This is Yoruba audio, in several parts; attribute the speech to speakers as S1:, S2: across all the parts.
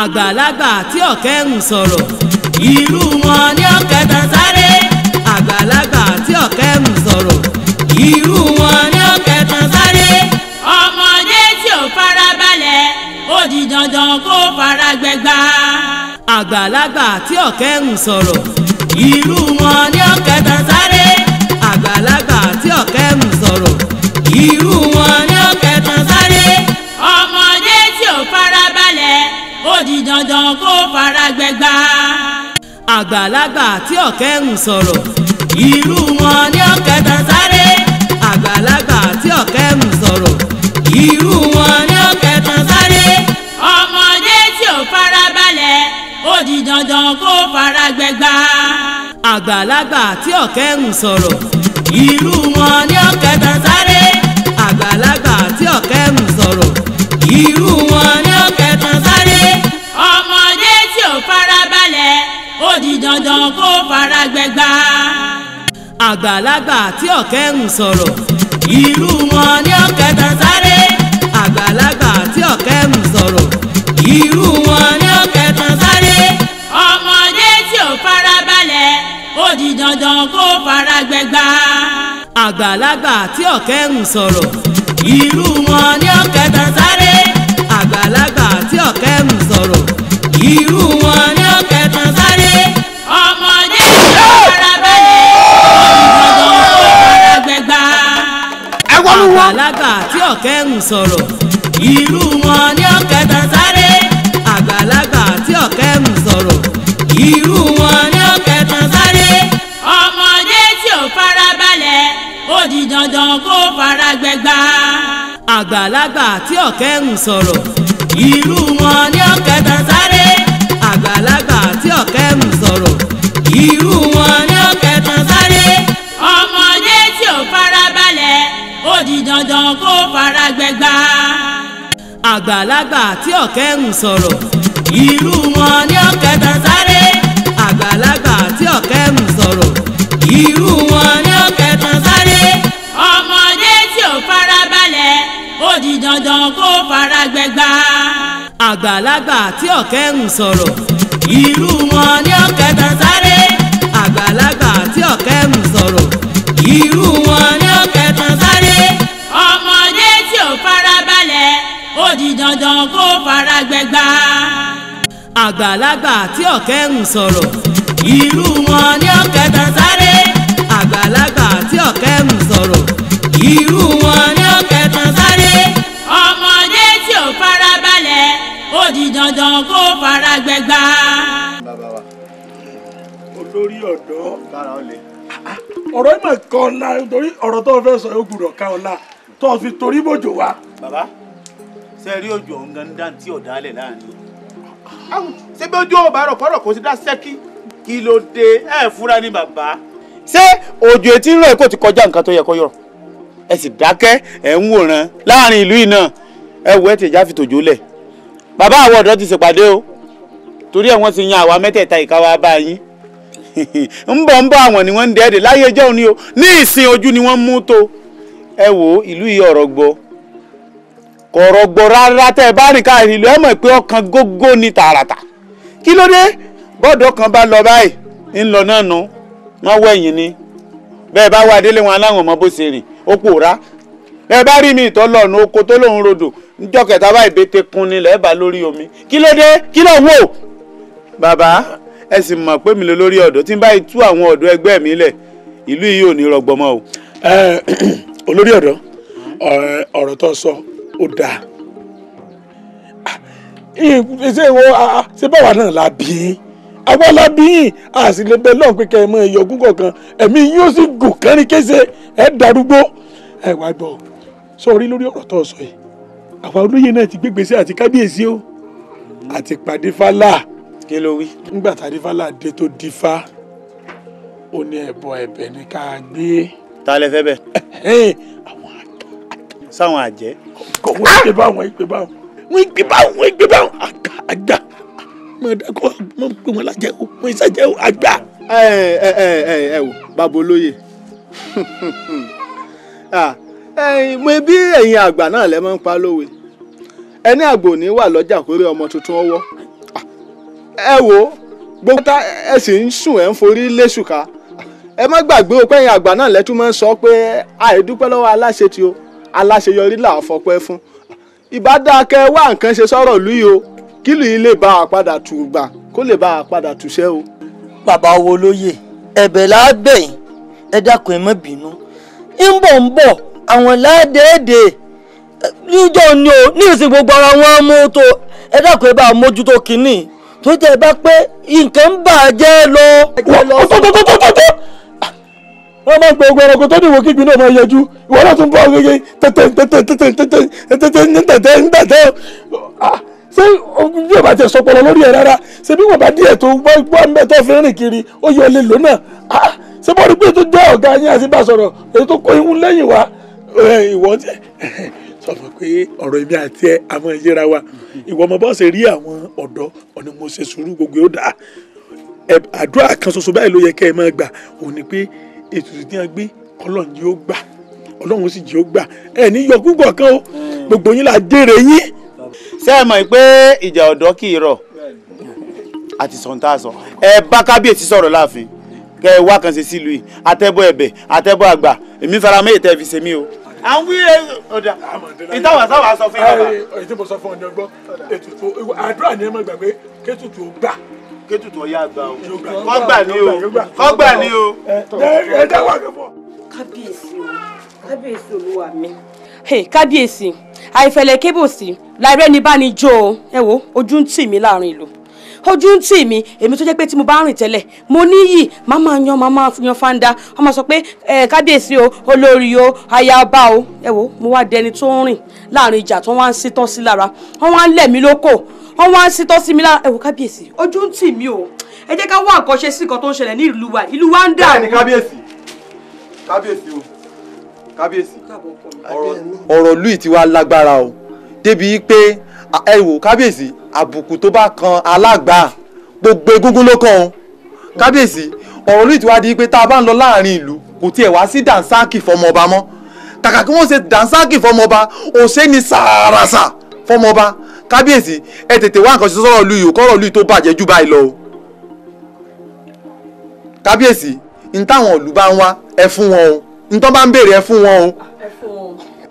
S1: àgbàlagbà tí ọ̀kẹ́ ń sọ̀rọ̀ irú wọn ní ọ̀kẹ́ tán sáré àgbàlagbà tí ọ̀kẹ́ ń sọ̀rọ̀ irú wọn ní ọ̀kẹ́ tán sáré. ọmọdé tí ò farabalẹ̀ ó di dandan kó faragbẹ́gbàá àgbàlagbà tí ọ̀kẹ́ ń sọ̀rọ̀ irú wọn ní ọ̀kẹ́ tán sáré àgbàlagbà tí ọ̀kẹ́ ń sọ̀rọ̀ irú wọn ní ọ̀kẹ́ tán sáré. ọmọdé tí ò farabalẹ̀ ó di dandan kó faragbẹ́gbá. àgbàlagbà tí ọ̀kẹ́ ń sọ̀rọ̀ irú wọn ní ọ̀kẹ́ tán sáré àgbàlagbà tí ọ̀kẹ́ ń sọ̀rọ̀ irú wọn. dandan kó fara gbẹgbà. àgbàlagbà tí ọ̀kẹ́ ń sọ̀rọ̀ irú wọn ní ọ̀kẹ́ tán sáré. àgbàlagbà tí ọ̀kẹ́ ń sọ̀rọ̀ irú wọn ní ọ̀kẹ́ tán sáré. ọmọdé tí ò farabalẹ̀ ó di dandan kó fara gbẹgbà. àgbàlagbà tí ọ̀kẹ́ ń sọ̀rọ̀ irú wọn ní ọ̀kẹ́ tán sáré àgbàlagbà tí ọ̀kẹ́ ń sọ̀rọ̀ irú wọn ní. ó di dandan kó faragbẹgba. àgbàlagbà tí ọ̀kẹ́ ń sọ̀rọ̀ irú wọn ní ọ̀kẹ́ tán sáré. àgbàlagbà tí ọ̀kẹ́ ń sọ̀rọ̀ irú wọn ní ọ̀kẹ́ tán sáré. ọmọdé ló fara balẹ̀ ó di dandan àgbàlagbà tí ọ̀kẹ́ ń sọ̀rọ̀ irú wọn ní ọ̀kẹ́ tán sáré. àgbàlagbà tí ọ̀kẹ́ ń sọ̀rọ̀ irú kó fara gbẹgbà. àgbàlagbà tí ọ̀kẹ́ ń sọ̀rọ̀ irú wọn ní ọ̀kẹ́ tán sáré. àgbàlagbà tí ọ̀kẹ́ ń sọ̀rọ̀ irú wọn ní ọ̀kẹ́ tán sáré. ọmọdé tí ò fara balẹ̀ ó di dandan kó fara gbẹgbà. àgbàlagbà tí ọ̀kẹ́ ń sọ̀rọ̀ irú wọn ní ọ̀kẹ́ tán sáré. àgbàlagbà tí ọ̀kẹ́ ń sọ̀rọ̀ irú wọn. di dandan kó fara gbẹgbà. àgbàlagbà tí ọ̀kẹ́ ń sọ̀rọ̀ irú wọn ní ọ̀kẹ́ tán sáré. àgbàlagbà tí ọ̀kẹ́ ń sọ̀rọ̀ irú wọn ní ọ̀kẹ́ tán sáré. ọmọdé tí ò fara balẹ̀ ó di dandan kó fara gbẹgbà. àgbàlagbà tí ọ̀kẹ́ ń sọ̀rọ̀ irú wọn ní ọ̀kẹ́. ọ̀la
S2: torí ọ̀rọ̀ tó fẹ́ sọ yóò gbúdọ̀ ká ọ̀la tó fi torí bòjò wa. bàbá ṣe
S3: rí òjò ọ̀ǹgá ń dáhùn tí ọ̀dà alẹ̀ láàrin.
S2: ṣé bí ojú ò bá rọ̀ fọ́rọ̀ kò sí dá
S3: sẹ́kí kí ló dé ẹ̀ fúra ní bàbá. ṣé òjò etí ń rọ̀ kò ti kọjá nǹkan tó yẹ kó yọrọ̀ ẹ sì dákẹ́ ẹ̀ ń wòran láàrin ìlú yìí náà ẹ wò ẹ ti já fi tòjó lẹ̀ bàbá àwọn ọ̀dọ́ ti ṣèpàdé o torí ẹ̀ wọ́n ti yan àwa mẹ́tẹ̀ẹ̀ta ìkáwá bá yín ń bọ̀ àwọn ni wọ́n ń láyé ẹjọ́ ni o ní ìsìn ojú ni wọ́n mú tó ẹ wo ìlú yìí ọ̀rọ̀ gbọ́ kọ̀rọ̀ gbọ́ rárá tẹ ẹ bá rìn káàkiri ìlú ẹ pé ọkàn gógó ni tààràtà kí ló dé kan bá lọ báyìí ń lọ náà nu ni bẹ́ẹ̀ bá délé wọn aláwọn ọmọ bó ṣe rìn ẹ sì mọ̀ pé mi ló lórí ọ̀dọ́ tí n bá tú àwọn ọ̀dọ́ ẹgbẹ́ mi lẹ̀ ìlú yìí ò ní rọgbọmọ o.
S2: olórí ọ̀dọ́ ọ̀rọ̀ tó sọ ó dáa ah, ṣé ìwọ ṣé báwa náà la bí yín àwa la bí yín a sì lè bẹ lọ́ọ̀ pé kẹ́ ẹ mọ ẹ̀yọ́ ogún kọ̀ọ̀kan ẹ̀mí yín ó sì gùn kẹ́rin kése ẹ̀ darúgbó ẹ̀ wá gbọ́ sọ̀rí lórí ọ̀rọ̀ tó sọ yìí àwa olóyè náà ti gbégbèsè àti kábíyèsí o àti pàdé fálà kí ló wí. nígbà tá a dífá láàdé tó dífá ó ní ẹbọ ẹ̀bẹ̀ ni ká gbé. ta lẹ fẹ́ bẹ̀. àwọn àgbà. sáwọn àjẹ́. kò wọ́n ìpè báwọn wọ́n ìpè báwọn wọ́n ìpè báwọn wọ́n ìpè báwọn àgbà àgbà mọ̀ dákọ̀ mọ̀ pé wọ́n lájẹ́ o mọ̀ ìṣàjẹ́ o àgbà. ẹ ẹ ẹ ẹ wò bàbá olóye
S4: mo bí ẹ̀yin àgbà náà lẹ́ máa ń pa lówe ẹni àgbò ní wà lọ́jà kórè ọmọ tuntun ọwọ́ ẹ wo gbogbo tá ẹ sì ń sùn ẹ ń forí léṣùká ẹ má gbàgbé o pẹ́yìn àgbà náà lẹ́tún máa ń sọ pé
S2: àìdúpẹ́ lọ́wọ́ aláṣẹ ti o aláṣeyọrí là á fọpẹ́ fún ìbádákẹ́ wá nǹkan ṣe sọ̀rọ̀ lùyìí o kílù yìí lè bá a padà tù gbà kó lè bá a padà túṣẹ́ o.
S4: bàbá wo lóye ẹ̀bẹ̀ lábẹ̀yìn ẹ dákun ẹ má bínú ń bọ̀ ń bọ̀ àwọn ládèédè níjọ́ ni o ní ìsìn gbogbo ara wọn mú tó ẹ dákun ẹ bá a mójútó kínní. tó tẹ bá pé nǹkan ń
S2: bàjẹ́ lọ. tọ́tọ́tọ́tọ́tọ́ wọ́n máa ń pe ogun ẹranko tó dìbò kígbe náà máa yọjú ìwọ náà tún bọ́ gẹ́gẹ́ tètè tètè tètè tètè tètè tètè ṣé bí o bá ti sọ pọlọ lórí ẹ rárá ṣé bí wọn bá díẹ̀ tó gbọ́ ń bẹ tó fi rìn kiri ó yọ lè lò ah, ṣé bọ́ọ̀lù pé tó jẹ́ ọ̀gá yín àti bá sọ̀rọ̀ èyí tó kó ihun lẹ́yìn wá ìwọ jẹ́ tọ̀mọ̀ pé ọ̀rọ̀ èmi àti ẹ àmọ́ ìyẹra wa ìwọ ọmọ bọ́ọ̀sì rí àwọn ọ̀dọ́ ọ̀nà mo ṣe sùúrù gbogbo ó dà àdúrà kan ṣoṣo báyìí ló yẹ kẹ́ ẹ máa gbà òun ni pé ètùtù tí wọ́n gbé ọlọ́run yóò gbà ọlọ́run sì yóò gbà ẹ ní yọ púpọ̀ kan o gbogbo yín là á dèrè yín.
S3: ṣé ẹ mọ̀ pé ìjà ọ̀dọ́ kì í rọ̀ àti sọ̀ǹtà sọ ẹ bá kábíyèsí sọ̀rọ̀ láàfin kẹ ẹ wá kan ṣe sílùú yìí àtẹ́bọ̀ ẹ̀bẹ̀ àtẹ́bọ̀ àgbà èmi faramẹ́ ètẹ́ fi ṣe mí o
S2: à ń wí ọ̀dà ìtawà sáwà sọ fún yàrá. èyí tí mo sọ fún ọ ní ọgbọ́n ètùtù àdúrà ni ẹ máa gbàgbé kétùtù ó gbà kétùtù ọ̀yá àgbà o kọ́ gbà ní o kọ́ gbà ní o. ẹ dá wà lọ́pọ̀.
S5: kábíyèsí o kábíyèsí olúwa mi. kábíyèsí àìfẹ̀lẹ̀ kébòsí láìrẹ́ni bá ní jó o ẹ wo ojú ń tì mí láàrin ìlú ojú ń tì mí èmi tó jẹ́ pé tí mo bá rìn tẹ́lẹ̀ mo níyì máa máa yan máa yan fanda wọ́n máa sọ pé kábíyèsí o olórí o ayaba o ẹ wo mo wá dẹni tó ń rìn láàrin ìjà tó wá ń sítọ́ sí lára wọ́n wá ń lẹ̀ mí lóko wọ́n wá ń sítọ́ sí mi lára ẹ wo kábíyèsí ojú ń tì mí o ẹ jẹ́ ká
S6: wá nǹkan ṣe sí nǹkan tó ń ṣẹlẹ̀ ní ìlú wa ìlú wa ń dà. kábíyèsí
S7: kábíyèsí o kábíyèsí ọ̀rọ̀ lùí ti wá lágbára o débi pé ẹ wò kábíyèsí àbùkù tó bá kan alágbà gbogbo egúngún ló kàn ó kábíyèsí ọ̀rọ̀ lóyún ti di pé tá a bá ń lọ láàrin ìlú kò tiẹ̀ wá sí dànsáàkì fọmọba mọ́ kàkà kí wọ́n ṣe dànsáàkì fọmọba òṣè ni sàràsà fọmọba kábíyèsí ẹ tètè wá nǹkan ṣe sọ́rọ̀ lu yìí kọ́rọ̀ lu yìí tó bàjẹ́ jù báyìí lọ o kábíyèsí n táwọn ìlú bá ń wá ẹ fún wọn o n tán bá ń
S8: béèrè ẹ fún wọn o.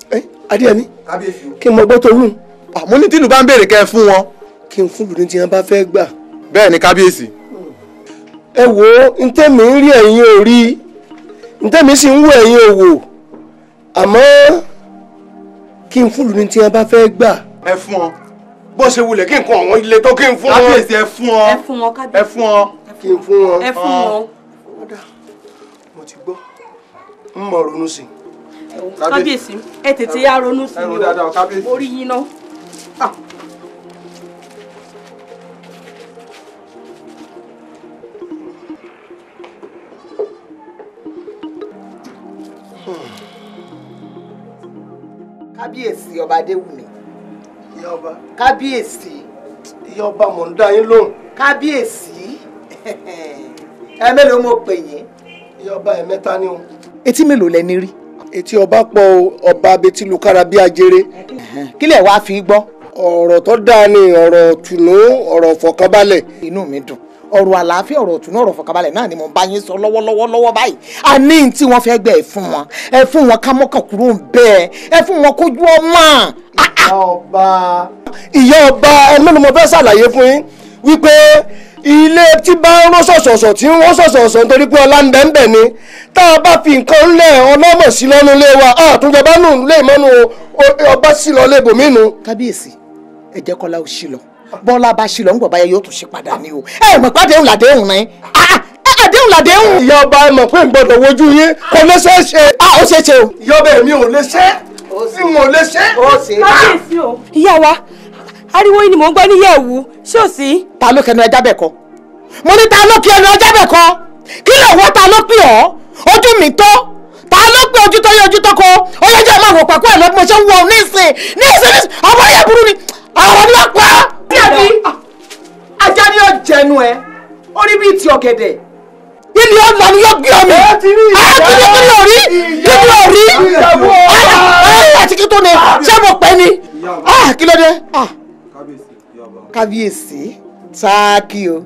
S8: ẹ adéyẹmí kí n mọ gbọ́ tó wù ú. Ah, mo ní tìlú bá ń béèrè kẹ́ ẹ fún wọn. kí n fún lùdí tí wọn bá fẹ́ gbà. bẹ́ẹ̀ ni kábíyèsí.
S4: ẹ wo ntẹ́mi ń rí ẹ̀yin ò rí ntẹ́mi sì ń wo ẹ̀yin ò wò àmọ́ kí n fún lùdí tí wọn bá fẹ́ gbà. ẹ fún ọ bó ṣe wulẹ̀ kí n kún àwọn ilé tó kí n fún wọn. kábíyèsí ẹ fún ọ ẹ fún ọ kí n fún wọn. ẹ fún wọn. Ah. mo ti gbọ́ ń mọ̀ ronú sí
S5: i kábíyèsí ẹ tètè yá ronú sí i o orí yín náà
S9: kábíyèsí ọba adéwùmí. ìyá ọba. kábíyèsí. ìyá ọba mò ń dá yín lóhùn. kábíyèsí.
S4: ẹ mélòó mo pè yín. ìyá ọba ẹ mẹ́ta ni o.
S9: etí mélòó lẹni rí. etí ọba pọ̀ ọba abetí bíi ajere. kílẹ̀ wàá fi gbọ́ ọ̀rọ̀ tó dáa ni ọ̀rọ̀ tùnú ọ̀rọ̀ fọkànbalẹ̀. inú mi dùn ọ̀rọ̀ àlàáfíà ọ̀rọ̀ tùnú ọ̀rọ̀ fọkànbalẹ̀ náà ni mo bá yín sọ lọ́wọ́lọ́wọ́ lọ́wọ́ báyìí a ní tí wọ́n fẹ́ gbẹ ẹ fún wọn ẹ
S4: fún wọn ká mọ́kàn kúrò ń bẹ́ ẹ ẹ fún wọn kójú ọmọ. ìyá ọba ìyá ọba ẹlẹ́nu mo fẹ́ ṣàlàyé fún yín wípé ilé tí bá ń rán ṣọ̀ṣọ̀ṣọ̀ tí ń rán ṣọ̀ṣọ̀ṣọ̀ nítorí pé ọlá ń bẹ́ẹ̀ ni tá a bá fi nǹkan ńlẹ̀ ọlọ́mọ̀ sí lọ́nu ilé wa àtúnjọba nù lè mọ́nu ọba sí lọ lébòmínú. kábíyèsí
S9: ẹ jẹ́ kọ́lá ò ṣì lọ bọ́lá bá ṣì lọ ń gbọ̀bá yẹ yóò tún ṣe padà ni o ẹ mọ̀ pé àdéhùn làdéhùn ni ah,
S4: ah, àdéhùn làdéhùn. ìyá ọba ẹ mọ̀ pé n gbọ́dọ̀ wojú yín kò lè ṣe é ṣe. a ó ṣe é ṣe o. ìyá ọba èmi ò lè ṣe é
S1: mi ò lè ṣe é. Ah!
S4: ìyá wa
S5: ariwo yìí ni mò ń gbọ́ níyẹ̀wù ṣé ò sí. ta ló kẹnu ẹja bẹ̀ kọ mo ní ta ló kí ẹnu ẹja bẹ̀ kọ kí lè wọ́ ta ló pè ọ́ ojú mi tó ta ló pè ojú tó yẹ ojú tó kọ ó yẹ jẹ́ pàkó ẹ̀ lọ́dún mo ṣe ń wọ nísìn nísìn nísìn ọmọ yẹn burú ni
S4: àwọn ní apá. díẹ̀bí ajá ni ó jẹnu ẹ ó rí bíi ti ọ̀gẹ̀dẹ̀. ilé ọ̀la ni yóò gbé ọmọ ẹ ti rí orí ibi orí àtìkí
S5: tó ni ṣé mo pẹ́ ni ah, kí ló dé.
S9: Ah. kábíyèsí táàkì o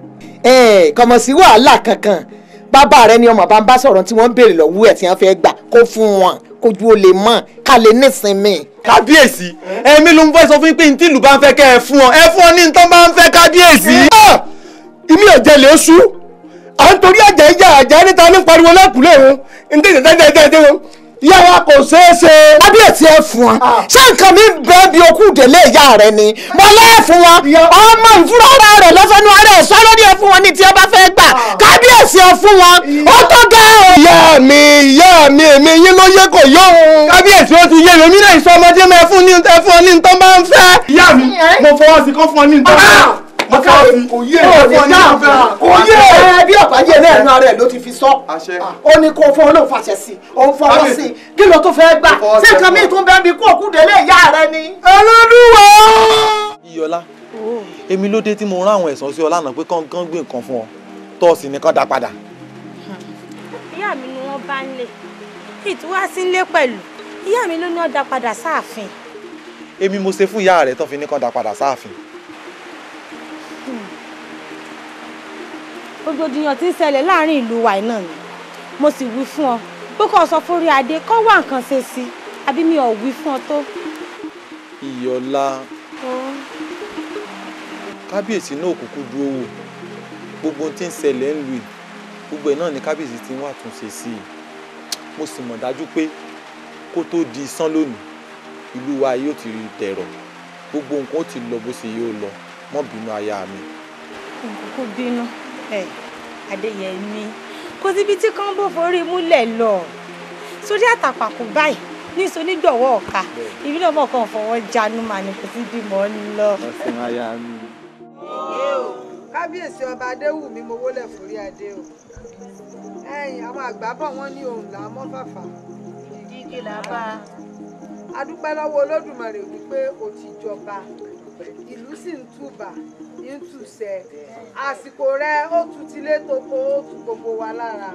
S9: kọmọ sí wàhálà kankan bàbá rẹ ni ọmọ bá ń bá sọ̀rọ̀ tí wọ́n ń béèrè lọ́wọ́ ẹ̀ tí wọ́n fẹ́ gbà kó fún wọn
S4: kójú ó lè mọ̀ ká lè nísinmi. kábíyèsí ẹ̀mí ló ń fẹ́ sọ fún pé ntí ìlú bá ń fẹ́ kẹ́ ẹ fún ọ ẹ fún ọ ní ntọ́ bá ń fẹ́ kábíyèsí. ìmí ọ̀jẹ̀ lè sú à ń torí àjẹ́ ìjà àjẹ́ níta ní pariwo lákùlẹ̀ o ntí ìjẹ́jẹ́jẹ́jẹ́ ìyá wa kò ṣeé ṣe. kábíyèsí ẹ fún wa ah. ṣé nǹkan mi bẹ́ẹ̀ bí okú délé ìyá rẹ ni mo lẹ́ẹ̀ fún wa ọmọ ìfúra ara rẹ lọ́fẹ̀ẹ́nu ara ẹ̀ sọ́ọ́ lórí ẹ fún wọn ní tí ẹ bá fẹ́ gbà ah. kábíyèsí ẹ fún wọn ó tó gẹ́ o. ìyá mi ìyá mi èmi yín ló yẹ kó yọ òun. kábíyèsí ó ti yé mi mílẹ̀ ìsọmọdé mẹ́fún ní ẹ fún ọ ní ntọ́ bá ń fẹ́. ìyá mi mo fọwọ́ sí kó fún ọ ní ntọ́
S7: mọ̀kàrí kò yé
S4: ẹ bí ọ̀pá yé lẹ́nu ara ẹ̀ ló
S7: ti fi sọ ah, ó
S4: ní kó fún olóhùn fàṣẹ sí òun fọwọ́ sí
S9: kí
S7: ló tó fẹ́ gbà
S4: sí nǹkan míì tó ń bẹ́ẹ̀ bí kú òkú délé ìyá rẹ ni. ẹlẹ́dùwọ̀.
S7: iyọlá èmi ló dé tí mo rán àwọn ẹ̀sán sí ọ lánàá pé kán gbé nǹkan fún ọ tó o sì ní kán dá padà.
S1: ìyá mi ni wọ́n bá ń lè ìtura sí ilé
S5: pẹ̀lú ìyá mi ló ní ọ̀dà padà sáàfin.
S7: èmi mo ṣe fún ìyá rẹ tó fi ní kán dá padà sáàfin.
S5: rògbòdìyàn tí ń ṣẹlẹ̀ láàrin ìlú wa náà ni mo sì wí fún ọ pé kò sọ fún Oríadé kó wá nǹkan ṣe sí àbí mi ò wí fún ọ tó.
S7: ìyọlá kábíyèsí náà kúkú dúró wò gbogbo ohun tí ń ṣẹlẹ̀ ń lu yìí gbogbo ẹ̀ náà ni kábíyèsí ti ń wà tún ṣe sí i mo sì mọ̀ dájú pé kó tó di sán lónìí ìlú wa yóò ti rí tẹ̀rọ̀ gbogbo nǹkan ó ti lọ bó ṣe yóò lọ mọ́ bínú aya mi.
S5: kò bínú. No adéyẹmí kò síbi tí kọ́ńbó forí múlẹ̀ lọ sórí àtàpàkù báyìí ní sonígbọ̀wọ́ ọ̀ka ibi náà mọ̀ kàn fọwọ́ jánu mà ní kò síbi mọ́ ń
S7: lọ. ọ̀sìn aya mi.
S5: kábíyèsí ọba adéwùmí mo wólẹ̀ forí adé o ẹ̀yìn àwọn àgbà bọ̀ wọ́n ní òun là á mọ́ fàfà. ìdíje là á bá a. adúpẹ́ lọ́wọ́ olódùmarè wípé ó ti jọba ìlú sì ń túbà ìtúsẹ̀ àsìkò rẹ ó tu tilé toko ó tu gbogbo wa lára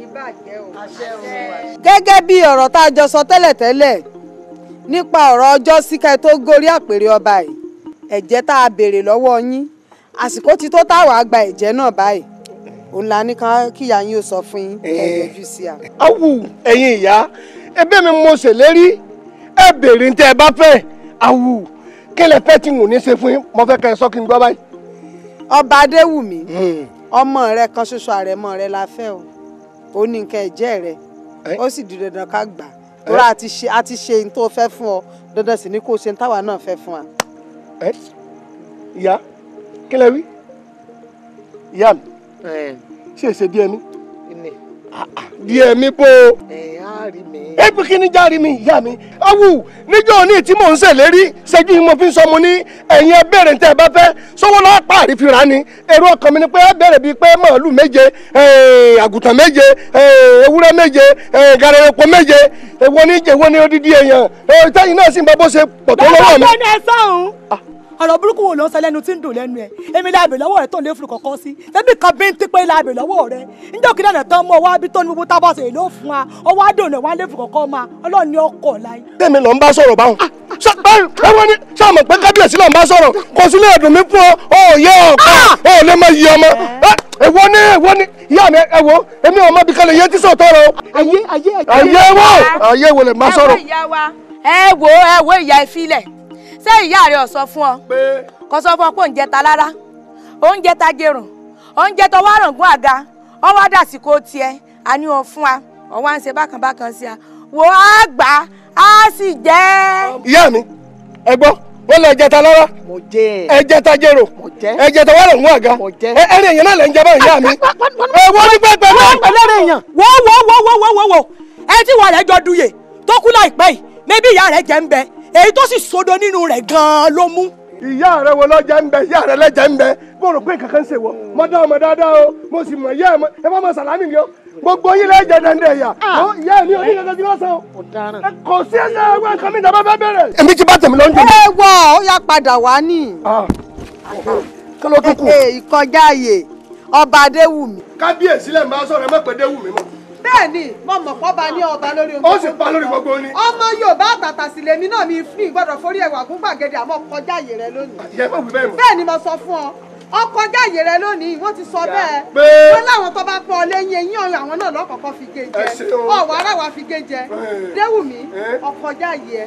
S5: ìbàjẹ́ o. gẹ́gẹ́ bí ọ̀rọ̀ tá a jọ sọ tẹ́lẹ̀tẹ́lẹ̀ nípa ọ̀rọ̀ ọjọ́ síkẹ́ tó gorí àpèrè ọba yìí ẹ̀jẹ̀ tá a béèrè lọ́wọ́ yín asiko ti tó táwa gba ẹ̀jẹ̀ náà báyìí òun la ní kíyà yín sọ fún yín ẹ̀yọjú eh. sí
S4: a. awù ẹ̀yin ìyá ẹbí mi mo ṣèlérí ẹ béèrè ní kí lẹ fẹ́ tí n ò ní ṣe fún yín mo fẹ́ kẹ́ ẹ sọ kí n gbọ́ báyìí. ọba adéwùmí hmm. ọmọ
S5: rẹ kan ṣoṣo àrẹ̀mọ rẹ la fẹ́ o ó ní nǹkan ẹ̀jẹ̀ rẹ ó sì di dandan ká gbà tóra àti ṣe àti ṣe ní tó fẹ́ fún ọ dandan sì ni kó o ṣe ní táwa náà fẹ́ fún wa.
S4: ẹ ìyá kí lẹ wí ìyá mi ṣe é ṣe mi ah, ah, díẹ̀ bó epi kíni járe mi ìyá mi awu níjọ́ òní tí mò ń ṣèlérí ṣẹ́jú yìí mo fi ń sọ mo ní ẹ̀yin ẹbẹ̀rẹ̀ tẹ́ ẹ bá fẹ́ sọ́wọ́ lọ́wọ́ pa àrífìrà ni èrò ọkàn mi ni pé ẹbẹ̀rẹ̀ bíi pé màálù méje eh, àgùntàn méje eh, ewúrẹ́ méje eh, gàrẹ́rẹ́pọ̀ méje èwo ni èwo ni odidi èèyàn tẹ́yìn náà sì ń bá bó ṣe pọ̀ tó mi. bàbá ọ̀gbẹ́ni ẹ sọ̀hún ọ̀rọ̀ burúkú wo ló ń sọ lẹ́nu tí ń dùn lẹ́nu ẹ̀ èmi láàbẹ̀ lọ́wọ́ rẹ̀ tó lè fún kọ̀ọ̀kan sí tẹ́bí kan bí ń tí pé
S5: láàbẹ̀ lọ́wọ́ rẹ̀ níjọ́ kí lẹ́nu tán mọ́ ọwọ́ abí tó ní gbogbo tábà sèé ló fún wa ọwọ́ àdùnnà wa lè fún kọ̀ọ̀kan ma ọlọ́run ni ọkọ̀ láyé.
S4: tèmi ló ń bá sọ̀rọ̀ báwọn ẹwọ́n ni sáàmù pé kábíyèsí ló bá sọ̀rọ̀ kò sílẹ̀ ẹ̀dùn mi
S5: ṣé ìyá rẹ ò fún ọ kò sọ fún ọ pé oúnjẹ ta lára oúnjẹ ta gerun oúnjẹ tó àga ọwọ́ dàsìkò tiẹ̀ a ní fún wa ọ wá ń ṣe bákan bákan sí a wò
S4: á gbà á sì jẹ́. ìyá mi ẹ gbọ́ wọ́n lọ ẹ̀jẹ̀ ta lára ẹ̀jẹ̀ ta jèrò ẹ̀jẹ̀ ta wà èèyàn náà ń mi wọ́n ní pẹ́pẹ́ náà. èyí tó sì sodo nínú rẹ̀ gan-an ló mú. ìyá rẹ wo lọ́jà ń bẹ ìyá rẹ lẹ́jà ń bẹ mo rò pé kankan ṣe wọ mo dá ọmọ dáadáa o mo sì mọ ìyá ẹ má mọ sàlámì ni o gbogbo yín lẹ́jẹ̀ dẹ́ndẹ̀ yà ah. ìyá mi ò ní kankan tí wọ́n sọ kò sí ẹsẹ̀ ẹgbẹ́ kan mi ìjàmbá bẹ́ẹ̀ bẹ̀rẹ̀. èmi ti bá tèmi lọ ẹ wọ ó yá padà
S5: wá nì. Ah. kí eh, eh, ọba adéwùmí.
S4: kábíyèsí lẹ́ẹ̀ máa sọ̀rọ̀ ẹ má déwùmí mọ́
S5: bẹ́ẹ̀ni mo mọ pọ ba ní ọba lórí omi.
S4: ó sì pa lórí gbogbo ni.
S5: ọmọ Yorùbá àtàtà sì lèmi náà mi fún ìgbọdọ forí ẹwà gún gbàgede àmọ́ kọjá àyè rẹ lónìí.
S1: ìyá ẹ má wí bẹ́ẹ̀ mọ́.
S5: bẹ́ẹ̀ni mo sọ fún ọ ọkọ jáyè rẹ lónìí wọ́n ti sọ bẹ́ẹ̀ wọ́n láwọn tó bá pọ̀ lẹ́yìn eyín ọyàn àwọn náà lọkọọkọ fi gé jẹ ọwọ́ ara wa fi gé jẹ déwùmí ọkọ jáyè ẹ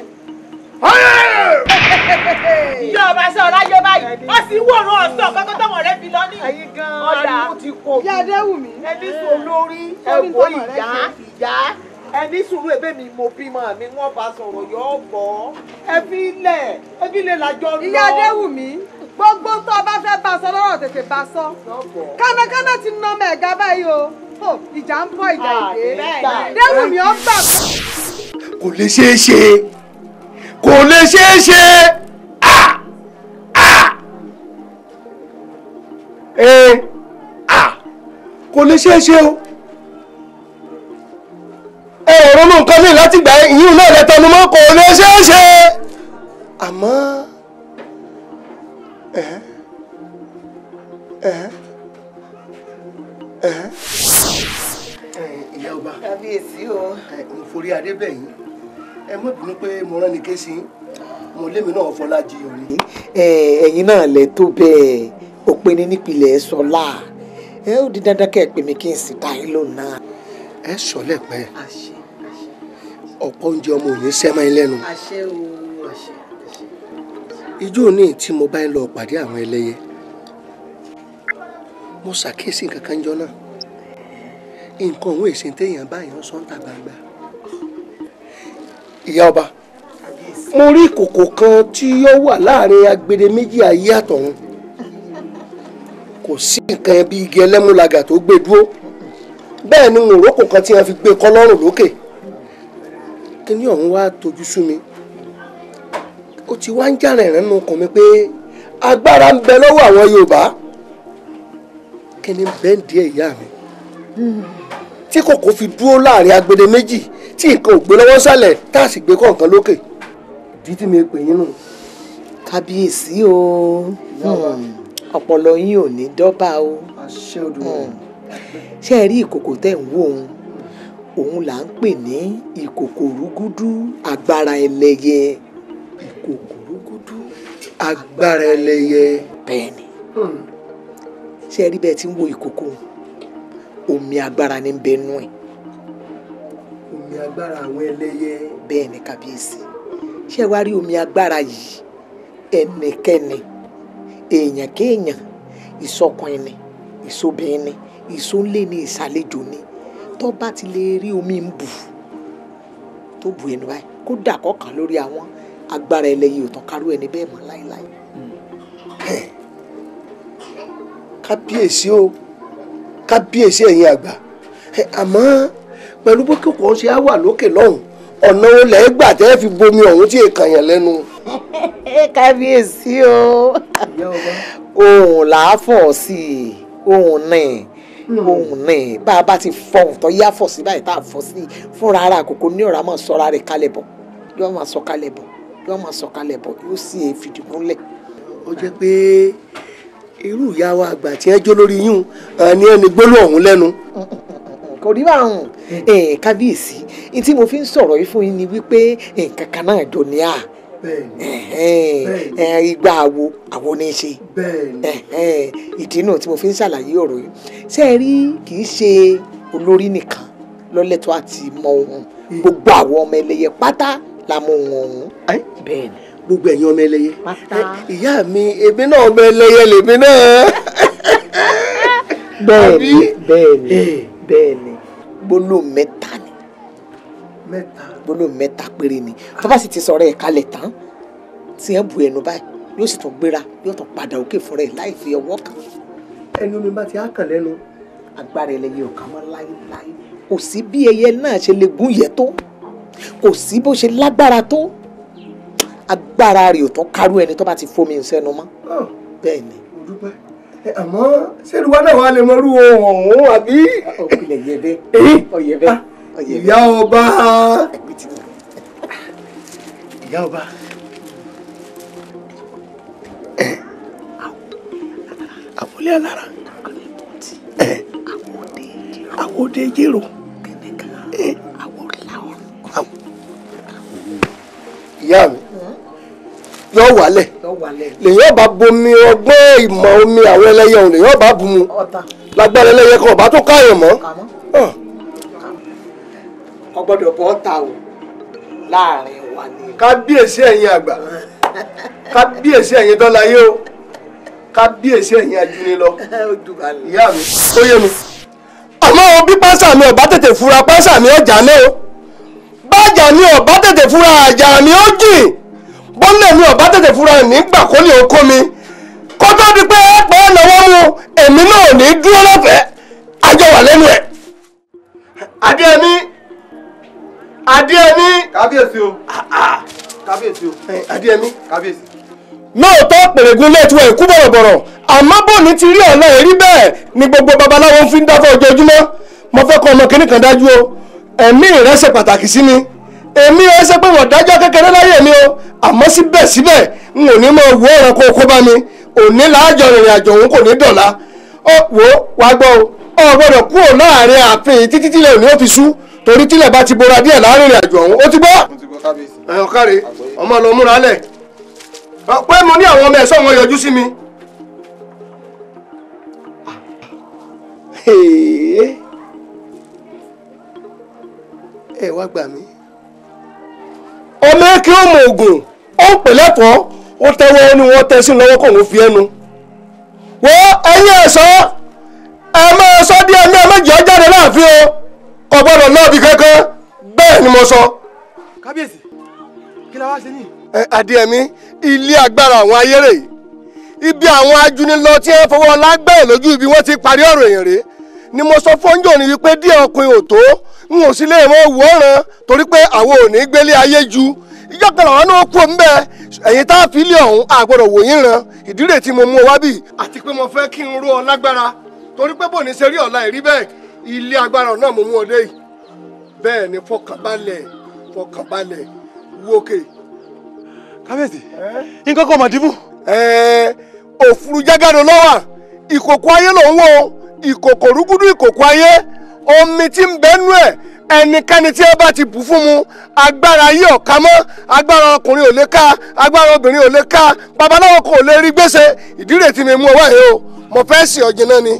S5: yóò máa sọ ọ̀rájọ́ báyìí ó sì wòrán ọ̀sán kọ́kọ́ táwọn ọ̀rẹ́ fi lọ ní ọ̀dà
S9: yàdẹ́wùmí ẹni sọ lórí ẹ̀wọ̀ ìyá ìyá ẹni sùúrù ẹbẹ mi
S5: mo bímọ mi wọn bá sọ̀rọ̀ yọ ọgbọ ẹbí lẹ ẹbí lè lajọ lọ. ìyá adéwùmí gbogbo tó o bá fẹ́ bá a sọ lọ́rọ̀ tètè bá a sọ kánákáná ti ná ọmọ ẹ̀gá báyìí o ìjà ń bọ̀ ìjà ah, ìdè déwùmí ó gbà.
S4: kò lè ṣeé ṣe kò lè ṣeé ṣe a a e a kò lè ṣeé ṣe o ẹ ò ronú nǹkan lè láti gbà yín náà lẹ tẹnu mọ́ kò lè ṣeé ṣe àmọ́ ẹ ẹ ẹ ìyá ọba kábíyèsí o mo forí adé bẹ̀ yín ẹ mọ̀ bínú pé mo rán ni ké sí mo lémi náà Fọlájí òní.
S9: ẹ̀yin náà lẹ tó bẹ́ẹ̀ òpin nípìnlẹ̀ sọlá ẹ ó di dandan kẹ́ ẹ pè mí kí n sì ta yín lónà. ẹ sọ lẹ́pẹ́
S4: ọ̀pọ̀ oúnjẹ ọmọ òní sẹ́mọ́ ẹ lẹ́nu. ijó ní tí mo bá ń lọ pàdé àwọn ẹlẹ́yẹ mo ṣàkíyèsí nǹkan kan jọ náà nǹkan òun èsì téèyàn báyọ̀ sọ́ńtà gbangba ìyá ọba mo rí ìkòkò kan tí yóò wà láàrin agbede méjì ayé àtọ̀run kò sí nǹkan bí igi ẹlẹ́múlagà tó gbé dúró bẹ́ẹ̀ ni òrókò kan tí wọ́n fi gbé kọ́ lọ́rùn lókè kíní ọ̀hún wá tojú sú mi ó ti wá ń jàrẹ̀ ìrànnú ọkàn mi pé agbára ń bẹ lọ́wọ́ àwọn Yorùbá kíní bẹ́ẹ̀ díẹ̀ ìyá mi tí kòkó fi dúró láàrin agbede méjì tí nǹkan ò gbé lọ́wọ́ sálẹ̀ tá a sì gbé kọ̀ọ̀kan lókè ìdí tí mi pè yín nù. kábíyèsí
S9: o hmm. ọpọlọ yín ò ní dọ́bà o hmm. ṣé ẹ rí ìkòkò tẹ̀ ń wò òun òun là ń pè ní ìkòkò rúgúdú agbára ẹlẹ́yẹ. ìkòkò rúgúdú agbára ẹlẹ́yẹ. bẹ́ẹ̀ni hmm. ṣé ẹ rí bẹ́ẹ̀ tí ń wo ìkòkò omi agbára ní bẹnu ẹ̀ omi agbára àwọn ẹlẹ́yẹ. bẹ́ẹ̀ ni kábíyèsí ṣé wàá rí omi agbára yìí ẹnikẹ́ni èèyàn kéèyàn ìsọkùn ẹni ìsọbìn ẹni ìsọlé ni ìsàlejò ni tó bá ti lè rí omi ń bù tó bù ẹnu báyìí kó dà kọkàn lórí àwọn agbára ẹlẹ́yẹ ò tán kárú ẹni bẹ́ẹ̀ mọ́ láéláé.
S4: kábíyèsí o kábíyèsí ẹ̀yin àgbà àmọ́. Hey, pẹ̀lú bó kí kò ṣe á wà lókè lọ́hùn ọ̀nà olè gbà tẹ́ fi bomi ọ̀hún tí èèkàn yàn lẹ́nu. kábíyèsí
S9: o òun là á fọ̀ sí i òun náà òun náà bá a bá ti fọ òun tó yáfọ̀ sí báyìí tá a fọ̀ sí i fúnra ara àkókò ní ọ̀rá máa sọ ara rẹ̀ kalẹ̀ bọ̀ yóò máa sọ kalẹ̀ bọ̀ yóò máa sọ kalẹ̀ bọ̀ yóò sì fìdígúnlẹ̀. ó jẹ́ pé irú ìyá wa àgbà tí ẹ jó lórí yín ni ẹni gbólóhùn lẹ́nu kò rí báwọn kábíyèsí tí mo fi ń sọ̀rọ̀ yìí fún yín ni wípé nǹkan kan náà jọ ní à ìgbà àwo àwo ní í ṣe ìdí náà tí mo fi ń ṣàlàyé ọ̀rọ̀ yìí ṣé ẹ rí kì í ṣe olórí nìkan lọ́lẹ́tọ́ àti mọ ohun gbogbo àwọn ọmọ ẹlẹ́yẹ pátá la mọ ohun ọ̀hún. gbogbo ẹ̀yin ọmọ ẹlẹ́yẹ
S4: ìyá mi èmi náà ọmọ ẹlẹ́yẹ lèmi náà.
S9: bẹ́ẹ̀ ni bẹ́ẹ̀ ni gbólóhùn mẹ́ta ni mẹ́ta gbólóhùn mẹ́ta péré ni tó bá sì ti sọ̀rọ̀ ẹ̀ kalẹ̀ tán tí ẹ̀ bu ẹnu báyìí yóò sì tún gbéra yóò tún padà òkè fúnra ẹ̀ láì fi ọwọ́ kàn. ẹnu mi bá ti á kàn lẹ́nu. agbára ẹlẹ́yẹ ò ká mọ́ láéláé kò sí bí ẹyẹ náà ṣe lè gún yẹ tó kò sí bó ṣe lágbára tó agbára rẹ̀ ò tán kárú ẹni tó bá ti fomi ìsẹ́nu mọ́ bẹ́ẹ̀
S4: ni. mo dúpẹ́. Eh, àmọ́ sẹ́ni wá náà wà lè mọ́rú ọ̀hún
S9: àbí. òpìlẹ̀ yẹ bẹ́ẹ̀ ọ̀yẹ bẹ́ẹ̀ ọ̀yẹ ah, bẹ́ẹ̀. ìyá ọba
S4: ìyá ọba.
S2: Eh, àwọlé alára eh, àwòdè jèrò
S4: ìyá mi yọ wálẹ̀ lèyàn bá bomi ọgbọ́n ìmọ̀ omi àwọn ẹlẹ́yẹ ọ̀hún lèyàn bá bumu lágbára ẹlẹ́yẹ kan ọ̀bá tó káyàn mọ́. ọgbọ́dọ̀ bọ́ ta o láàrin wa ni. kábíyèsí ẹ̀yin àgbà kábíyèsí ẹ̀yin dọ́láyé o kábíyèsí ẹ̀yin ajúnilọ ìyá mi tó yé mi. àmọ́ bí pásá mi ọ̀bá tètè fura pásá mi ọ̀jà náà bájà ni ọ̀bá tètè fura àjà mi ó jìn bọ́lẹ̀ mi ọ̀bá tètè fúnra nígbà kó lè kó mi kó tó di pé pé lọ́wọ́ mu èmi náà ò ní dúró lọ́fẹ̀ẹ́ àjọ wà lẹ́nu ẹ̀. adéẹni adéẹni.
S7: kábíyèsí o ah, ah. kábíyèsí o. Eh, adéẹni kábíyèsí.
S4: lóòótọ́ pèrègùn lẹ́tù kú bọ̀rọ̀bọ̀rọ̀ àmọ́ bòní ti rí ọ̀nà ẹ̀rí bẹ́ẹ̀ ni gbogbo babaláwo fi ń dáfọ́ ojoojúmọ́ mo fẹ́ kọ́ ọmọ kìnnìkan dájú o ẹ̀mí rẹ̀ pàtàkì sí mi. èmi ẹ ṣe pé wọ́n dájọ́ kékeré láyé mi o àmọ́ síbẹ̀síbẹ̀ n ò ní máa wo ọ̀ràn kó bá mi òní láàjọ ìrìn àjò òun kò ní dọ̀la ó wò ó wá ọ gbọ́dọ̀ láàrin títí tílẹ̀ òní ó fi sú torí tílẹ̀ bá ti bora ọmọ èké ọmọ ògùn ó ń pè lẹ́kọ̀ọ́ wọ́n tẹ́wọ́ ẹni wọ́n tẹ́ sí lọ́wọ́ kò ń fi ẹnu. wo ẹyin ẹ̀sọ́ ẹ máa sọ díẹ̀ ní ẹ̀mẹ́jì ọjáde láàfin o kò gbọ́dọ̀ náà bí kankan bẹ́ẹ̀ ni mo sọ. kábíyèsí kí la wá ṣe ní. ẹ ilé agbára àwọn ayérè ibi àwọn ajúnilọ tí ẹ fọwọ́ lágbẹ̀ẹ́ lójú ibi wọ́n ti parí ọ̀rọ̀ èèyàn rèé ni mo sọ fún ọjọ́ ni wípé díẹ̀ ọkùnrin ò tó n ò sì lè mọ òwú ọ̀ràn torí pé àwọn ò ní gbélé ayé ju ìjọ kan làwọn náà kú ọ̀nbẹ ẹ̀yìn tá a fi lé ọ̀hún àgbọ̀dọ̀ wò yín ran ìdílé tí mo mú ọ wá bì àti pé mo fẹ́ kí n ró ọ lágbára torí pé bò ní ṣe rí ọ̀la ìrí bẹ́ẹ̀ ilé agbára náà mo mú ọ dé bẹ́ẹ̀ ni fọkànbalẹ̀ fọkànbalẹ̀ wókè. kábíyèsí nǹkan kan màdìbò. ẹ̀ẹ́ òfurujàgàdo lọ́wà ìkòkò ayé lòún wọ̀ ìkòkò rúgúdú ìkòkò ayé omi tí ń bẹ́nu ẹ̀ ẹnikẹ́ni tí ẹ bá ti bù fún mu agbára ayé ọ̀ka mọ́ agbára ọkùnrin ò lè ká agbára obìnrin ò lè ká babaláwo kò lè rí gbèsè ìdírè tí mi mú ọwọ́ yìí o mo fẹ́ sí ọ̀jìn náà ni.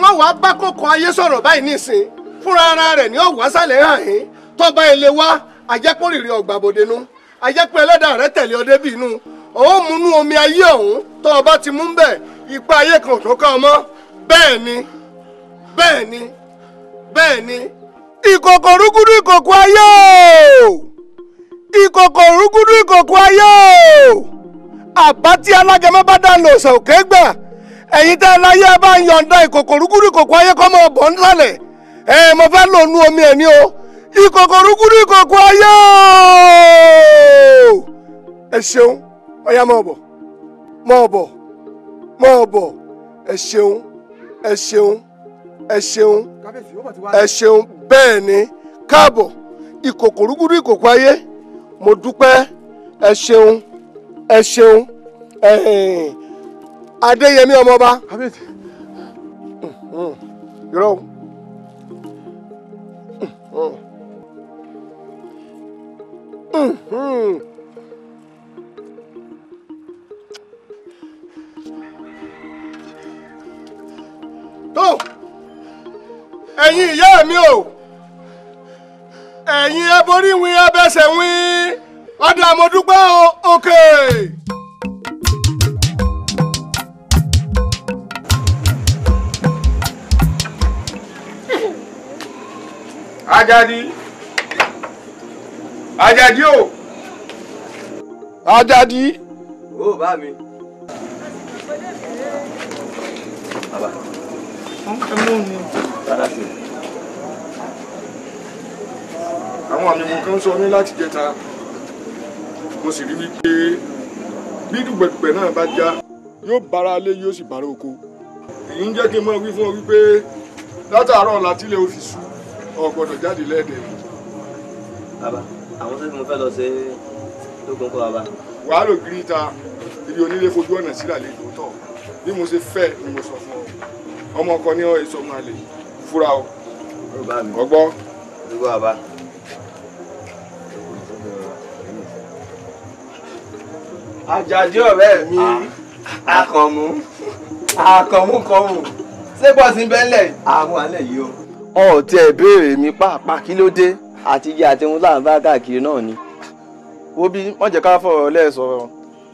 S4: wọ́n wá bá kókó ayé sọ̀rọ̀ báyìí nísìn fúnra ara rẹ̀ ní ọ̀wá sálẹ̀ hàn yín tọ́ba ilé wa ajẹ́pọ̀rìrì ọ̀gbàbòde nu ajẹ́pọ̀ ẹlẹ́dàá rẹ̀ tẹ̀lé ọdẹ bíi inú òun mú omi ayé ọ̀hún tọ́ ti mú bẹ́ẹ̀ ipa ayé kan tó ká ọmọ bẹ́ẹ̀ ni bẹ́ẹ̀ ni bẹ́ẹ̀ ni ìkòkò rúgúdú ìkòkò ayé o ìkòkò rúgúdú ìkòkò ayé o àbá tí alágẹmọ bá dá lò òkè gbà ẹ̀yin tẹ́ ẹ láyé ẹ bá ń yọ̀ǹda ayé kọ́ mọ́ ọ̀bọ̀ ẹ mo fẹ́ lò omi ẹ̀ o ìkòkò rúgúdú ìkòkò ayé o ẹ ṣeun ọ̀yá mọ̀ ọ̀bọ̀ mọ̀ ọ̀bọ̀ mọ̀ ọ̀bọ̀ ẹ ẹ ṣeun ẹ ṣeun bẹ́ẹ̀ ni káàbọ̀ ìkòkò rúgúrú ìkòkò ayé mo dúpẹ́ ẹ ṣeun ẹ ṣeun adéyẹmí ọmọọba yọrọ mm-hmm. mm-hmm. mm-hmm. tó ẹ̀yin ìyá mi o ẹ̀yin ẹ borí wín ẹ bẹsẹ̀ wín ọ̀dà mo dúpẹ́ o òkè. Ajadi Ajadi o. Ajadi.
S8: Ó bá mi. Bàbá. Wọ́n ń kẹ́
S4: Karachi. àwọn àmìmọ̀ kan sọ ní láti jẹta mo sì rí wípé bí dùgbẹ̀dùgbẹ̀ náà bá já yóò bára lé yóò sì bára oko èyí ń jẹ́ kí n mọ̀ wí fún ọ wípé látàárọ̀ látílẹ̀ ó fi sú ọ gbọ́dọ̀ jáde lẹ́ẹ̀dẹ̀. bàbá àwọn tó ti mo fẹ́ lọ ṣe lógun kọ́ bàbá. wàá lò gírí ta ibi onílé fojú ọ̀nà sílà lè tọ̀ bí mo ṣe fẹ́ ni mo sọ fún ọ ọmọ ọkọ ní ọ èso máa lè
S6: fúra o ọgbọ́. àjàdí ọ̀rẹ́ mi ah,
S8: àkànmú àkànmú kọ̀ọ̀mù ṣé bọ́ sí bẹ́lẹ̀ àwọn alẹ́ yìí o. ọ̀ tiẹ̀ béèrè mi pàápàá kí ló dé àti iye àti ohun láà ń bá káàkiri náà ni. wo bí wọ́n jẹ́ ká fọ̀rọ̀ lẹ́ẹ̀sọ̀rọ̀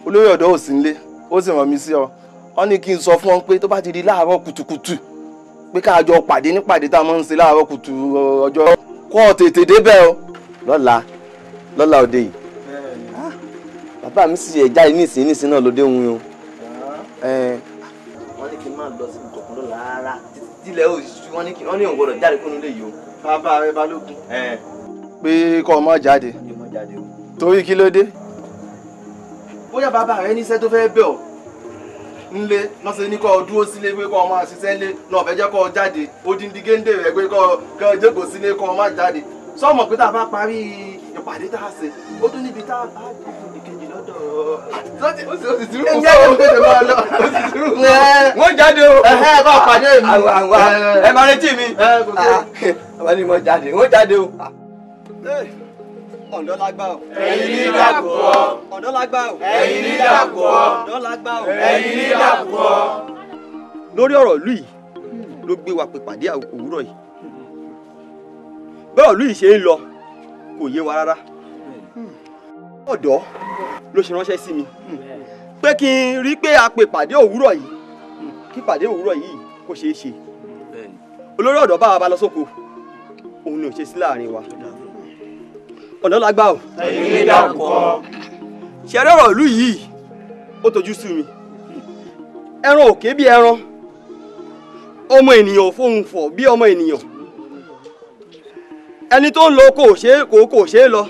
S8: olóyè ọ̀dọ́ ò sí nílé ó sì rán mi sí ọ wọ́n ní kí n sọ fún ọ pé tó bá ti di láàárọ̀ kùtùkùtù pé ká jọ pàdé nípàdé tá a máa ń ṣe láàárọ̀ kùtù ọjọ́ kọ́ tètè débẹ̀ o lọ́la lọ́la òde yìí ah, bàbá mi sì ẹ̀já yìí nísìnyí nísìnyí náà lóde òun o. wọ́n ní kí n máa lọ sí ìjọ̀kún lọ́la rárá títílẹ̀ òṣìṣú wọ́n ní kí wọ́n ní òun gbọ́dọ̀ jáde kó nílé yìí o. bàbá rẹ balógun. pé kọ́ ọ mọ́ jáde torí kí ló dé. bóyá bàbá rẹ níṣẹ́ tó fẹ́ bẹ̀ ọ́ nle lọ́sẹ̀ ní kọ́ dúró sílé pé kọ́ máa ṣiṣẹ́ ńlé náà fẹ́ jẹ́ kọ́ jáde odindi géńdé rẹ̀ pé sílé máa jáde pé tá a bá parí ìpàdé tá a ṣe ó tún a bá o
S6: mi ọ̀dọ́lágbà ò. ẹ̀yin ní dàpọ̀ ọ́. ọ̀dọ́lágbà ò. ẹ̀yin ní dàpọ̀ ọ́. ọ̀dọ́lágbà ò. ẹ̀yin ní dàpọ̀ ọ́. lórí ọ̀rọ̀ ìlú yìí ló gbé wa pè pàdé òwúrọ̀ yìí bẹ́ẹ̀ ìlú yìí ṣe ń lọ kò yé wa rárá ọ̀dọ́ ló ṣe ránṣẹ́ sí mi pé kí n rí pé a pè pàdé òwúrọ̀ yìí kí pàdé òwúrọ̀ yìí kó ṣeé ṣe olórí ọ̀dọ́ bá wa bá lọ sóko òun ni ò ṣe sí láàrin wa ọ̀nà la gbà o. èyí dà kọ́. ṣẹ̀rẹ́ ọ̀rọ̀ ìlú yìí ó tojú sú mi ẹran òkè bí ẹran ọmọ ènìyàn fóun fọ̀ bí ọmọ ènìyàn ẹni tó ń lo. kò ṣe é kò kò ṣe é lọ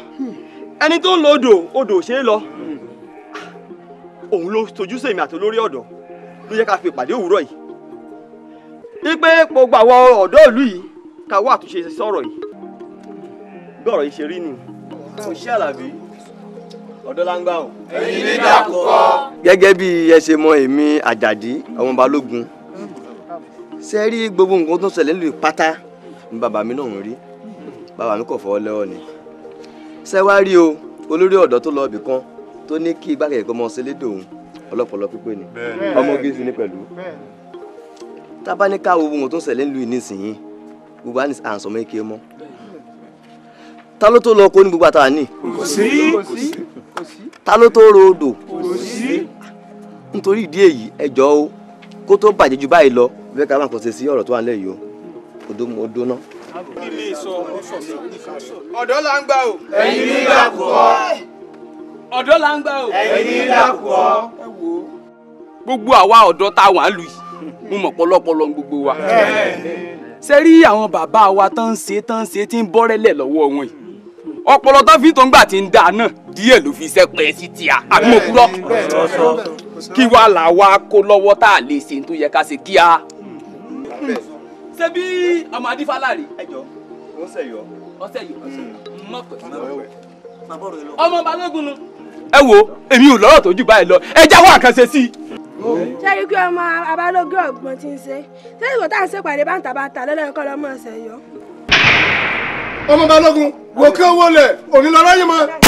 S6: ẹni tó ń lọ odò odò ṣe é lọ òun ló tojú sí èmi àti olórí ọ̀dọ́ ló yẹ ká fi ìpàdé òwúrọ̀ yìí wípé gbogbo àwọn ọ̀dọ́ ìlú yìí ká wá àtúnṣe sọ̀rọ̀ yìí bí ọ̀rọ̀ yìí ṣe rí ni kò sí àlàbí ọ̀dọ́ láńgbà o. ẹ̀yin nígbà àkọ́kọ́.
S8: gẹ́gẹ́ bí ẹ ṣe mọ èmi àjàdí ọmọ balógun ṣe rí gbogbo nǹkan tó ń ṣẹlẹ̀ nílùú pátá ni bàbá mi náà ń rí bàbá mi kò fọwọ́ lẹ́wọ̀ ni ṣe wá rí o olórí ọ̀dọ́ tó lọ ibì kan tó ní kí igbákejì kọ́ mọ ṣẹlẹ́dò òun ọlọ́pọlọ pípé ni ọmọ gẹ̀ẹ́sì ni pẹ̀lú tábánikà wo ohun tó ń ṣẹlẹ̀ nílùú ìnísìnyí gbogbo à ta ló tó lọ kó ní gbogbo àtàwọn ní. kò sí. ta ló tó ro odò. kò sí. nítorí ìdí èyí ẹjọ́ o kó tó bàjẹ́ ju báyìí lọ bẹ́ẹ̀ ká máa kàn ṣe sí ọ̀rọ̀ tó wà nílẹ̀ o odò mo dóná.
S6: ọ̀dọ́ la ń gbà o. ẹ̀yin ní ìlà kù
S4: ọ̀dọ́ la ń gbà o. ẹ̀yin ní ìlà
S6: kù ọ́. gbogbo àwa ọ̀dọ́ tá a wà á lù yìí mo mọ̀ pọlọpọlọ gbogbo wa. ṣé rí àwọn bàbá wa tán ń ṣe tán ń ṣe tí ń bọ́rẹ́lẹ̀ lọ́wọ́ wọn yìí ọpọlọ tó fi tó ń gbà tí ń dà náà díẹ̀ ló fi iṣẹ́ pẹ́ sí tíya àgbọ̀kúrọ̀ kí wàá là wá kó lọ́wọ́ tá a lè ṣe tó yẹ ká ṣe kíá. ṣé bí àmọ́ adífálà rí. ẹjọ ọsẹ yọ. ọsẹ yọ mọ pẹ.
S1: ọmọ balógun nu.
S6: ẹ wo èmi ò lọ́rọ̀ tó jù báyìí lọ ẹ jáwọ́ àkànṣe sí
S1: i ṣáàrí kí ọmọ abálógún ọgbọ́n ti ń ṣe ṣé ìwọ táà ń ṣèpàdé báńtà bá ta lọ́lọ́ ẹ̀kọ́ lọ́mọ ọ̀sẹ̀ yọ.
S4: ọmọ balógun wò kí ó wọlé òní mọ́.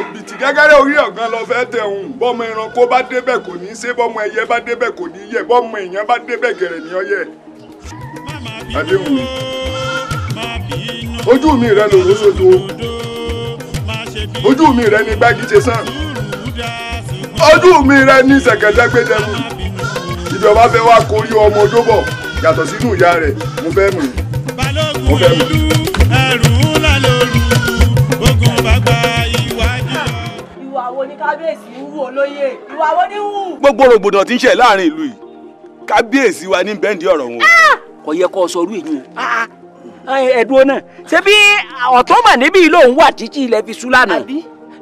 S4: ẹ̀bìtì gẹ́gẹ́rẹ́ orí ọ̀gán lọ fẹ́ tẹ̀hún bọ́mọ ẹranko bá débẹ̀ kò ní í ṣe bọ́mọ ẹyẹ bá débẹ̀ kò ní í yẹ bọ́mọ èèyàn bá débẹ̀ gẹ̀rẹ̀ ní ọyẹ. ojú mi rẹ lòró sojo ojú mi rẹ ní gbági ṣe sàn ojú mi rẹ ní ṣẹ̀kẹ̀jẹ̀ gbẹdẹ̀mú ìjọba fẹ́ wá kórí ọmọ odó bọ̀ yàtọ̀ sínú ìyá rẹ̀ mo fẹ́ mú mo fẹ́ mú.
S5: kábíyèsí ń wù olóyè ìwà wo ni wù.
S2: gbogbo rògbòdàn tí ń ṣe láàrin ìlú yìí kábíyèsí wa ní bẹ́ǹdì ọ̀rọ̀ wọn. Ah! kò yẹ kó o sọ orú èyí o ah, ah, ẹ̀dùn náà
S4: ṣé bí ọ̀tún mà
S2: níbí lòun wà títí ilẹ̀ fi ṣú lánàá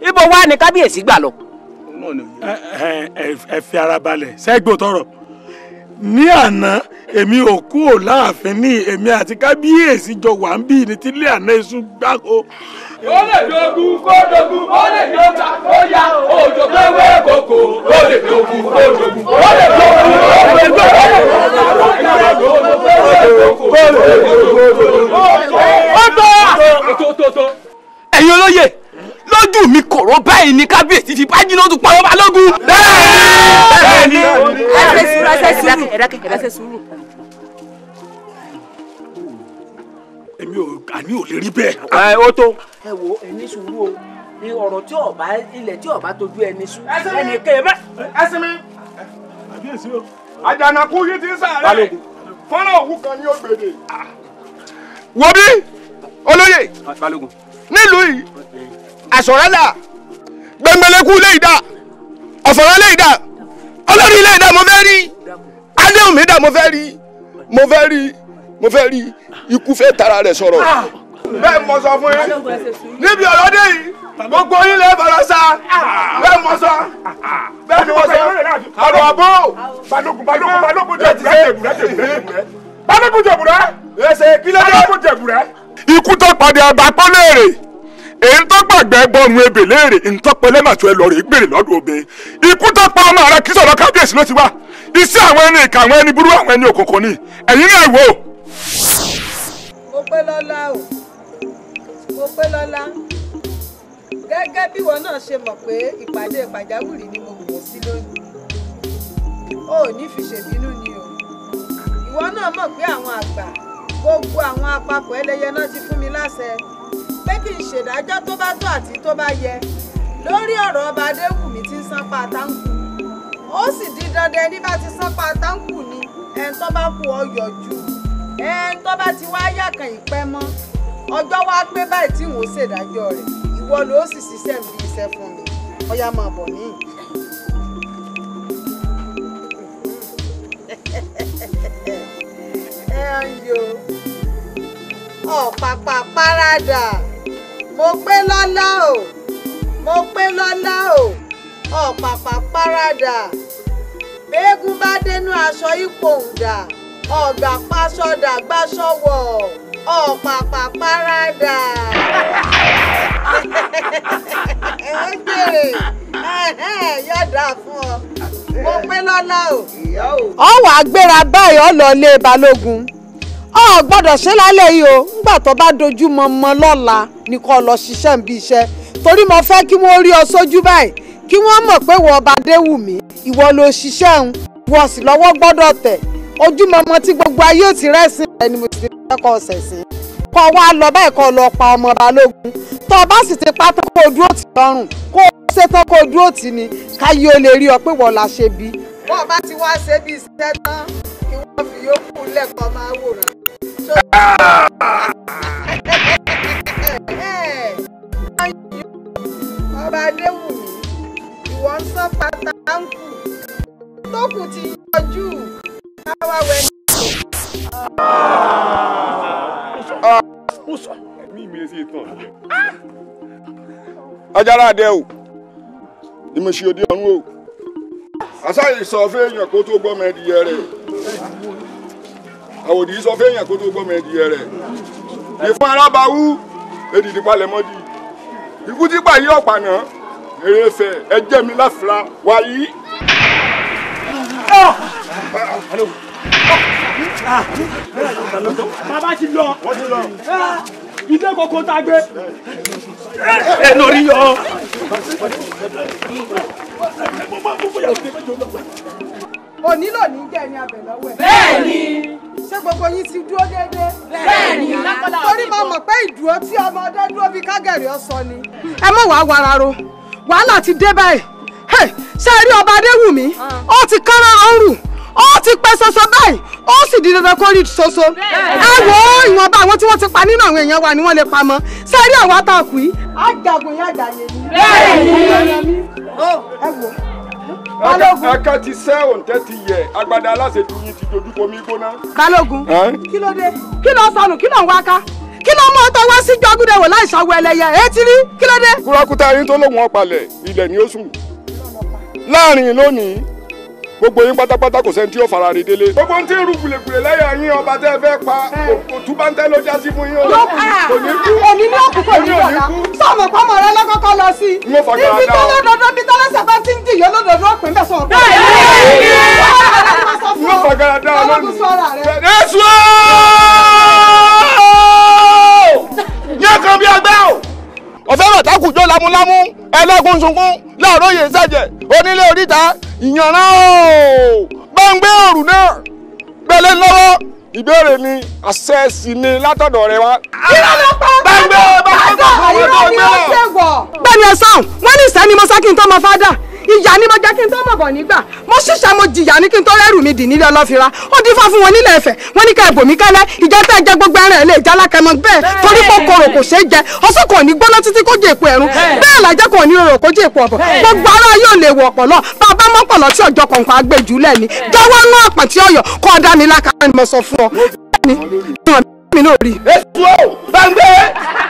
S2: ibo wa ni kábíyèsí gbà lọ. Eh, eh, ẹ fi ara balẹ̀ sẹ́gbọ̀n tọrọ ní àná èmi ò kúrò láàfin ní èmi àti kábíyèsí jọ wà ń bí ní tílé àná iṣu gbáko ó lè dogun kó dogun ó lè dọ́gba ó yá òjò pé wé koko
S4: ó lè dogun kó dogun ó lè dogun ó lè dogun ó lè dogun
S6: ó lè dogun ó lè
S1: dogun ó lè dogun ó tó
S6: tó tó tó. ẹ̀yin olóye lójú mi kòró báyìí ni kábíyèsí ti bájí ló tún pa ọba lógun. bẹ́ẹ̀ ni bẹ́ẹ̀ ni ẹ fẹ́ sùúrù ẹ fẹ́ sùúrù ẹ dákẹ́ ẹ dákẹ́ sùúrù.
S2: èmi ò àní ò lè rí bẹ́ẹ̀. ẹ ó tó.
S4: ẹ wo ẹni sùúrù o ni ọ̀rọ̀ tí ọba ilẹ̀ tí ọba tójú ẹni sùn. ẹni kẹ́ mẹ́. ẹsẹ̀ mi. àbíyèsí o. àjànàkú yìí ti ń sàárẹ̀. fọ́nrán òwú kan ní ògbèdè. wo bí olóyè nílùú yìí àsọ̀rẹ́dà gbẹngbẹlẹ́kú lè dà ọ̀fọ̀rọ̀ lè dà olórí lè dà mo fẹ́ rí adéhùn mi dà mo fẹ́ rí mo fẹ́ rí mo fẹ́ rí ikú fẹ́ tara rẹ̀ sọ̀rọ̀. Ah, bẹ́ẹ̀ mọ sọ fún yín níbi ọ̀rọ̀ dé yìí gbogbo yín lè bọ̀rọ̀ sa bẹ́ẹ̀ mọ sọ bẹ́ẹ̀ ni wọ́n sọ ọ̀rọ̀ àbó balógun balógun balógun jẹ bùrẹ́ balógun jẹ bùrẹ́ ẹsẹ̀ kílẹ̀ balógun jẹ bùrẹ́. ikú tó padì àgbà pọ́ léèrè èyí tó gbàgbẹ́ gbọ́nu ebè léèrè ntọ́pẹ́ lẹ́màtú ẹ lọ́ọ̀rẹ́ gbèrè lọ́dún obe ikú tó pa ọmọ rẹ kí sọ̀rọ̀ kábíyèsí ló ti wá iṣẹ́ àwọn ẹni ìka àwọn ẹni burú àwọn ẹni òkùnkùn ni ẹ̀yin náà wò ó
S5: pé lọ́lá o mo pé lọ́lá gẹ́gẹ́ bí ìwọ náà ṣe mọ̀ pé ìpàdé pàjáwìrì ni mo wò sí lónìí o ò ní fi ṣèbínú ni o ìwọ náà mọ̀ pé àwọn àgbà gbogbo àwọn àpapọ̀ ẹlẹ́yẹ náà ti fún mi láṣẹ pé kí n ṣèdájọ́ tó bá tó àti tó bá yẹ
S1: lórí ọ̀rọ̀ ọba adéwùmí
S5: tí ń sánpa àtàǹkù ó sì di dandan ẹni bá ti sánpa àtàǹkù ni ẹni tó bá kú ọ yọjú ẹ tó bá ti wá yàkàn ìpẹ́ mọ́ ọjọ́ wá pé báyìí tí wọ́n ṣèdájọ́ rẹ̀ ìwọ ló sì ṣiṣẹ́ ń bí iṣẹ́ fún mi ọyá máa bọ̀ níyìn. ẹ ẹ yo mo pé lọ́lá o mo pé lọ́lá o ọ̀pàpà parada, béégún bá dénú aṣọ ipò ń dà. ọ̀gbà pasọ̀dà gbàsọ̀wọ̀ ọ̀pàpà paradà. ẹ ń bèrè yọ̀dà fún ọ mo pé lọ́la o. ọ wàá gbéra báyìí ọ lọ lé balógun ọ gbọ́dọ̀ ṣe lálẹ́ yìí o nígbà tó bá dojú mọ mọ lọ́la ni kò lọ ṣiṣẹ́ níbi iṣẹ́ torí mo fẹ́ kí wọ́n rí ọ sójú báyìí kí wọ́n mọ̀ pé wọ́n ọba adéwùmí ìwọ ló ṣiṣẹ́ ń wọ́n sì lọ́wọ́ gbọ́dọ̀ tẹ̀. ojúmọmọ tí gbogbo ayé ò ti rẹ́sìn rẹ ni mo ti fẹ́ kọ́ ọ̀sẹ̀ sí kọ́ wa lọ bẹ́ẹ̀ kọ́ lọ pa ọmọ balógun tó o bá sì ti pa kó o dúró lọ́rùn kó o ṣe tán kó o dúró tì káyé o lè rí ọ pé wọ́n la ṣe bí. bọ́ bá ti wá ṣe bí iṣẹ́ tán kí wọ́n fi yókù lẹ́kọ̀ọ́ máa wòran. ọba adéwùmí ìwọ ń sọ pátákó
S4: tó kù ti yọjú. How I went. Ọ̀sọ̀ ẹ̀mí mi sí ìtàn. Ajára adé o, ìmọ̀sí òde ọ̀run o. Àṣàyè sọ fẹ́yàn kó tó gbọ́mọ ẹdìyẹ rẹ̀. Àwòdì sọ fẹ́yàn kó tó gbọ́mọ ẹdìyẹ rẹ̀. Ìfún arábáwú, èdìdì palẹ̀mọ́dì. Ikú tí pàyí ọ̀pá náà, èrè fẹ̀ ẹjẹ́ mi láfura wáyé.
S2: Hello. Bàbá ti lọ. Ilé koko ta gbé. Ẹ lórí yọ.
S5: Òní lòní jẹ́ ẹni abẹ̀ lọ́wọ́ ẹ̀. Bẹ́ẹ̀ni. Ṣé gbogbo yín ti dúró déédéé? Bẹ́ẹ̀ni. Torí mo mọ̀ pé ìdúró tí ọmọ ọdẹ dúró bíi kágẹ̀rì ọ̀sán ni. Ẹ mọ̀ wá wàrà ro, wàhálà ti dé báyìí. Ṣé ẹ rí ọba Adéwùmí? Ah. Ó ti kán rárá ń rù ó ti pẹ́ ṣoṣo báyìí ó sì di dandan kó rí ṣoṣo ẹ wò ó ìwọ̀nba àwọn tí wọ́n ti pa nínú àwọn èèyàn wa ni wọ́n lè pa mọ́ ṣé rí àwọn atakùn yìí. ajagun yá dàyè ni.
S1: bẹ́ẹ̀ ni ẹ wò
S4: balógun. aka ti sẹ́ òǹtẹ́ ti yẹ agbada aláṣẹjú yín ti dojú bomi gbóná. balógun kí ló dé kí ló sọnù kí ló ń wá ká kí ló mú ọtọ wá sí jọgúdẹwò láìsàwọ ẹlẹyẹ etí rí kí ló dé. kúrakúta yín tó lóun ọpalẹ ilẹ̀ ni ó sùn láàrin lónìí gbogbo yín pátápátá kò sẹ́ni tí yóò fara rí délé. gbogbo ń tí ń ru gbùlègbùlè lẹ́yìn yín ọba tẹ́ ẹ fẹ́ pa òtún bá ń tẹ́ ló já sí fún yín o. èmi ah, ní òkùnkùn èmi ò ní kú. sọ̀mù pọ́mọ rẹ lọ́kọ́kọ́ lọ sí i. ibi tó lódodo bí tọ́lọ́sẹ̀ bá ti ń dìyẹ lódodo ó pè ń bẹ̀ sọ̀rọ̀ pé. bẹ́ẹ̀ ni wọ́n fagara dá ọ lọ́nu. ọ̀fẹ́ràn takùjọ lámúlámú ẹlẹ́kùn sunkún láàárọ̀ yẹn sẹ̀jẹ̀ onílé oríta ìyànná o gbàngbé òrù náà gbẹlẹ́ lọ́wọ́ ìbéèrè ni àṣẹ́sì ni látọ̀dọ̀ rẹ wá. gbàngbé gbàngbé òrù náà gbẹlẹ́. bẹ́ẹ̀ni ẹ̀sán wọ́n ní ìṣẹ́ ni mo sá kí n tó mọ fádà ìyá ni mo jẹ́ kí
S5: n tó mọ̀ bọ̀ nígbà jìyà ní kí n tó rẹ́rù mi dì nílé ọlọ́fira ó dín fún wọn nílẹ̀ ẹ̀fẹ̀ wọ́n ní ká ẹ̀bùn mi ìjẹ́ tẹ́ jẹ́ gbogbo ẹran ẹ̀ lè jẹ́ alákẹ́mọ́ bẹ́ẹ̀ torí kò korò kò ṣeé jẹ ọsùn kò ní gbóná títí kó jẹ èpo ẹ̀rún bẹ́ẹ̀ làjẹ́ kò ní rorò kó jẹ èpo ọ̀bọ̀ gbogbo ara yóò lè wọ̀ ọ̀pọ̀lọ́ bàbá mọ́pọ̀lọ́ tí ọjọ́ kọ̀ǹkọ̀
S4: tí ọ̀yọ́ kọ́